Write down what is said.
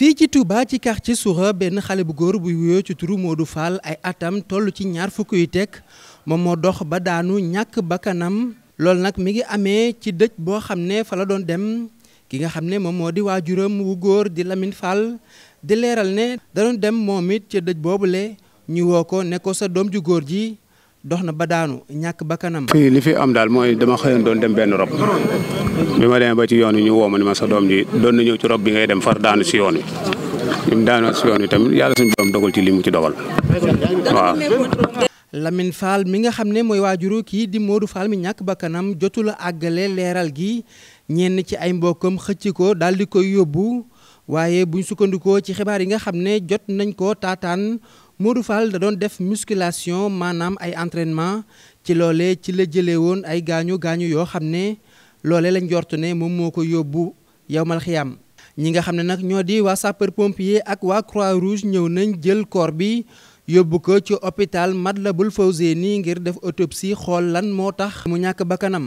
fii ci Touba ci quartier Soura benn xale bu góor buy wuyoo ci turu du Fall ay atam toll ci ñaar fukk yu teg moom moo dox ba daanu ñàkk bakkanam loolu nag mi ngi amee ci dëj boo xam ne fa la doon dem ki nga xam ne moom moo di waajuram wu góor di lamin Fall di leeral ne da doon dem moom it ca dëj boobule ñu woo ko ne ko sa doom ju góor ji dox na ba daanu ñàkk bakkanam fii li fi am daal mooy dama xëyoon doon dem benn rob bi ma demee ba ci yoon wi ñu woo ma ni ma sa doom ji doon na ñëw ci rob bi ngay dem far daanu si yoon wi bi mu daanoo si yoon wi tamit yàlla suñu borom dogal ci li mu ci dogal waaw Lamine Fall mi nga xam ne mooy waajuru kii di Modou Fall mi ñàkk jotu la àggale leeral gi ñenn ci ay mbokkam xëcc ko daal di koy yóbbu waaye buñ sukkandikoo ci xibaar yi nga xam ne jot nañ ko taataan Modou Fall da doon def musculation maanaam ay entraînement ci loole ci la jëlee woon ay gaañu gaañu yoo xam ne loole lañ jortu ne moom moo ko yóbbu yowmal xiyaam ñi nga xam ne nag ñoo di waa sapeur pompier ak waa croix rouge ñëw nañ jël koor bi yóbbu ko ci mat la bul Matlaboul Fawzeyni ngir def autopsie xool lan moo tax mu ñàkk bakkanam